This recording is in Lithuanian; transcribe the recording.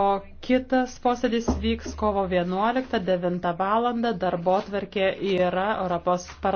o kitas posėdis vyks kovo 11, 9 val. darbo tvarkė yra Europos parlamento.